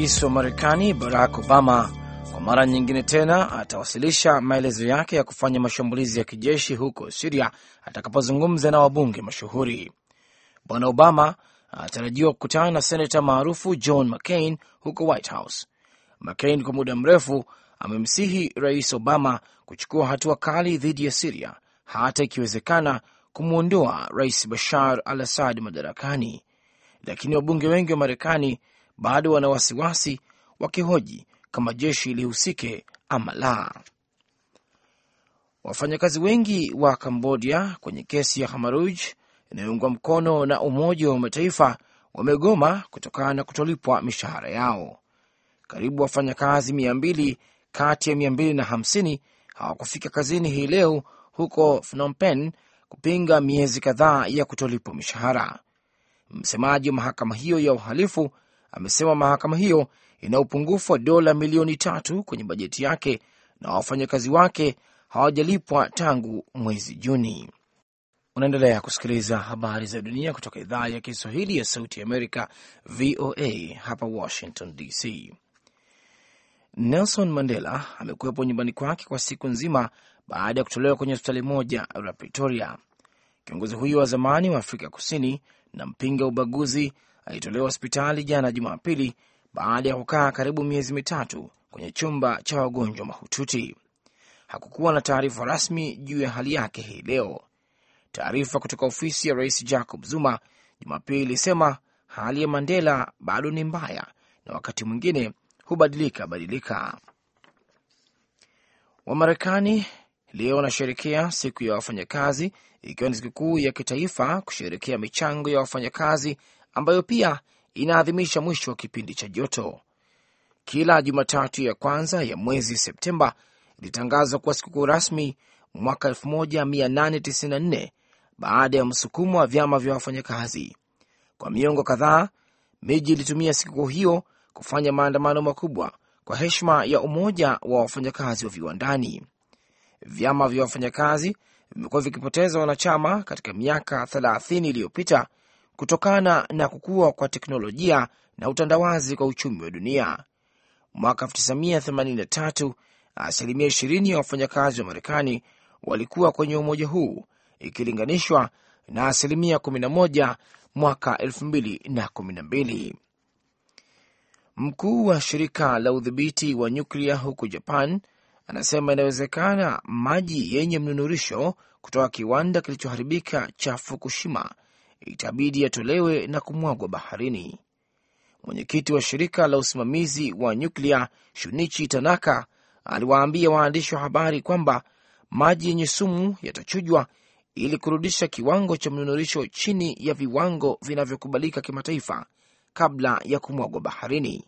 Rais wa Marekani Barack Obama kwa mara nyingine tena atawasilisha maelezo yake ya kufanya mashambulizi ya kijeshi huko Siria atakapozungumza na wabunge mashuhuri. Bwana Obama anatarajiwa kukutana na senata maarufu John McCain huko White House. McCain kwa muda mrefu amemsihi Rais Obama kuchukua hatua kali dhidi ya Siria, hata ikiwezekana kumwondoa Rais Bashar al Assad madarakani, lakini wabunge wengi wa Marekani bado wana wasiwasi wakihoji kama jeshi lihusike ama la. Wafanyakazi wengi wa Kambodia kwenye kesi ya Hamaruj inayoungwa mkono na Umoja wa Mataifa wamegoma kutokana na kutolipwa mishahara yao. Karibu wafanyakazi mia mbili kati ya mia mbili na hamsini hawakufika kazini hii leo huko Phnom Penh kupinga miezi kadhaa ya kutolipwa mishahara. Msemaji wa mahakama hiyo ya uhalifu amesema mahakama hiyo ina upungufu wa dola milioni tatu kwenye bajeti yake na wafanyakazi wake hawajalipwa tangu mwezi Juni. Unaendelea kusikiliza habari za dunia kutoka idhaa ya Kiswahili ya Sauti ya Amerika, VOA hapa Washington DC. Nelson Mandela amekuwepo nyumbani kwake kwa siku nzima baada ya kutolewa kwenye hospitali moja la Pretoria. Kiongozi huyo wa zamani wa Afrika Kusini na mpinga ubaguzi alitolewa hospitali jana Jumapili baada ya kukaa karibu miezi mitatu kwenye chumba cha wagonjwa mahututi. Hakukuwa na taarifa rasmi juu ya hali yake hii leo. Taarifa kutoka ofisi ya rais Jacob Zuma Jumapili ilisema hali ya Mandela bado ni mbaya na wakati mwingine hubadilika badilika. Wamarekani leo wanasherekea siku ya wafanyakazi, ikiwa ni sikukuu ya kitaifa kusherekea michango ya wafanyakazi ambayo pia inaadhimisha mwisho wa kipindi cha joto. Kila Jumatatu ya kwanza ya mwezi Septemba ilitangazwa kuwa sikukuu rasmi mwaka 1894 baada ya msukumo wa vyama vya wafanyakazi. Kwa miongo kadhaa, miji ilitumia sikukuu hiyo kufanya maandamano makubwa kwa heshima ya umoja wa wafanyakazi wa viwandani. Vyama vya wafanyakazi vimekuwa vikipoteza wanachama katika miaka 30 iliyopita kutokana na kukua kwa teknolojia na utandawazi kwa uchumi wa dunia. Mwaka 1983 asilimia 20 ya wafanyakazi wa Marekani walikuwa kwenye umoja huu ikilinganishwa na asilimia 11 mwaka 2012. Mkuu wa shirika la udhibiti wa nyuklia huko Japan anasema inawezekana maji yenye mnunurisho kutoka kiwanda kilichoharibika cha Fukushima itabidi yatolewe na kumwagwa baharini. Mwenyekiti wa shirika la usimamizi wa nyuklia Shunichi Tanaka aliwaambia waandishi wa habari kwamba maji yenye sumu yatachujwa ili kurudisha kiwango cha mnunurisho chini ya viwango vinavyokubalika kimataifa kabla ya kumwagwa baharini.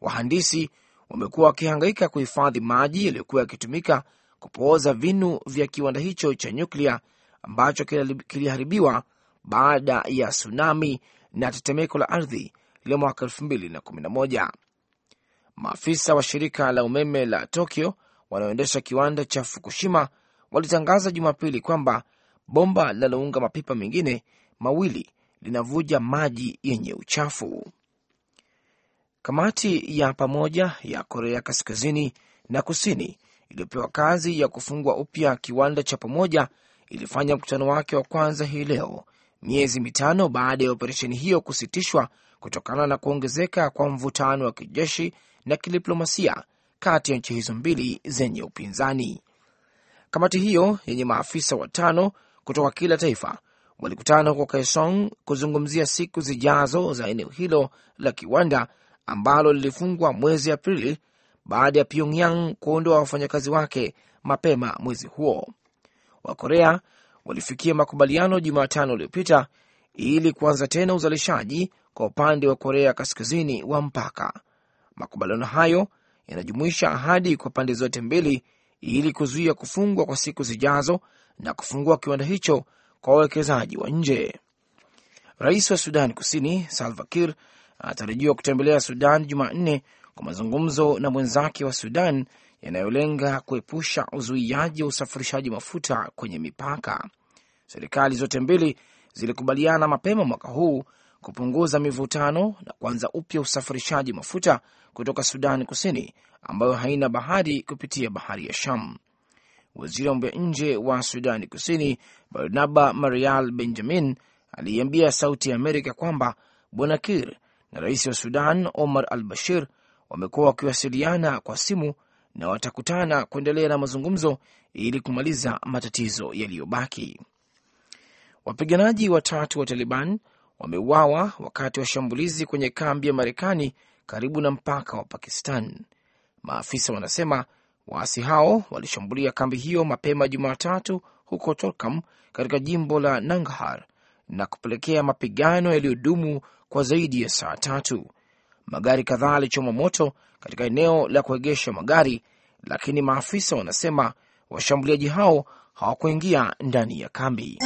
Wahandisi wamekuwa wakihangaika kuhifadhi maji yaliyokuwa yakitumika kupooza vinu vya kiwanda hicho cha nyuklia ambacho kiliharibiwa baada ya tsunami na tetemeko la ardhi la mwaka elfu Maafisa wa shirika la umeme la Tokyo wanaoendesha kiwanda cha Fukushima walitangaza Jumapili kwamba bomba linalounga mapipa mengine mawili linavuja maji yenye uchafu. Kamati ya pamoja ya Korea Kaskazini na Kusini iliyopewa kazi ya kufungua upya kiwanda cha pamoja ilifanya mkutano wake wa kwanza hii leo miezi mitano baada ya operesheni hiyo kusitishwa kutokana na kuongezeka kwa mvutano wa kijeshi na kidiplomasia kati ya nchi hizo mbili zenye upinzani. Kamati hiyo yenye maafisa watano kutoka kila taifa walikutana huko Kaesong kuzungumzia siku zijazo za eneo hilo la kiwanda ambalo lilifungwa mwezi Aprili baada ya Pyongyang kuondoa wafanyakazi wake mapema mwezi huo. Wakorea walifikia makubaliano Jumatano uliopita ili kuanza tena uzalishaji kwa upande wa Korea Kaskazini wa mpaka. Makubaliano hayo yanajumuisha ahadi kwa pande zote mbili ili kuzuia kufungwa kwa siku zijazo na kufungua kiwanda hicho kwa wawekezaji wa nje. Rais wa Sudan Kusini Salva Kiir anatarajiwa kutembelea Sudan Jumanne kwa mazungumzo na mwenzake wa Sudan yanayolenga kuepusha uzuiaji wa usafirishaji mafuta kwenye mipaka. Serikali zote mbili zilikubaliana mapema mwaka huu kupunguza mivutano na kuanza upya usafirishaji mafuta kutoka Sudan Kusini ambayo haina bahari kupitia bahari ya Sham. Waziri wa mambo ya nje wa Sudani Kusini Barnaba Marial Benjamin aliiambia Sauti ya Amerika kwamba Bwana Kir na rais wa Sudan Omar al Bashir wamekuwa wakiwasiliana kwa simu na watakutana kuendelea na mazungumzo ili kumaliza matatizo yaliyobaki. Wapiganaji watatu wa Taliban wameuawa wakati wa shambulizi kwenye kambi ya Marekani karibu na mpaka wa Pakistan. Maafisa wanasema waasi hao walishambulia kambi hiyo mapema Jumatatu huko Torkam katika jimbo la Nangarhar na kupelekea mapigano yaliyodumu kwa zaidi ya saa tatu magari kadhaa alichoma moto katika eneo la kuegesha magari, lakini maafisa wanasema washambuliaji hao hawakuingia ndani ya kambi.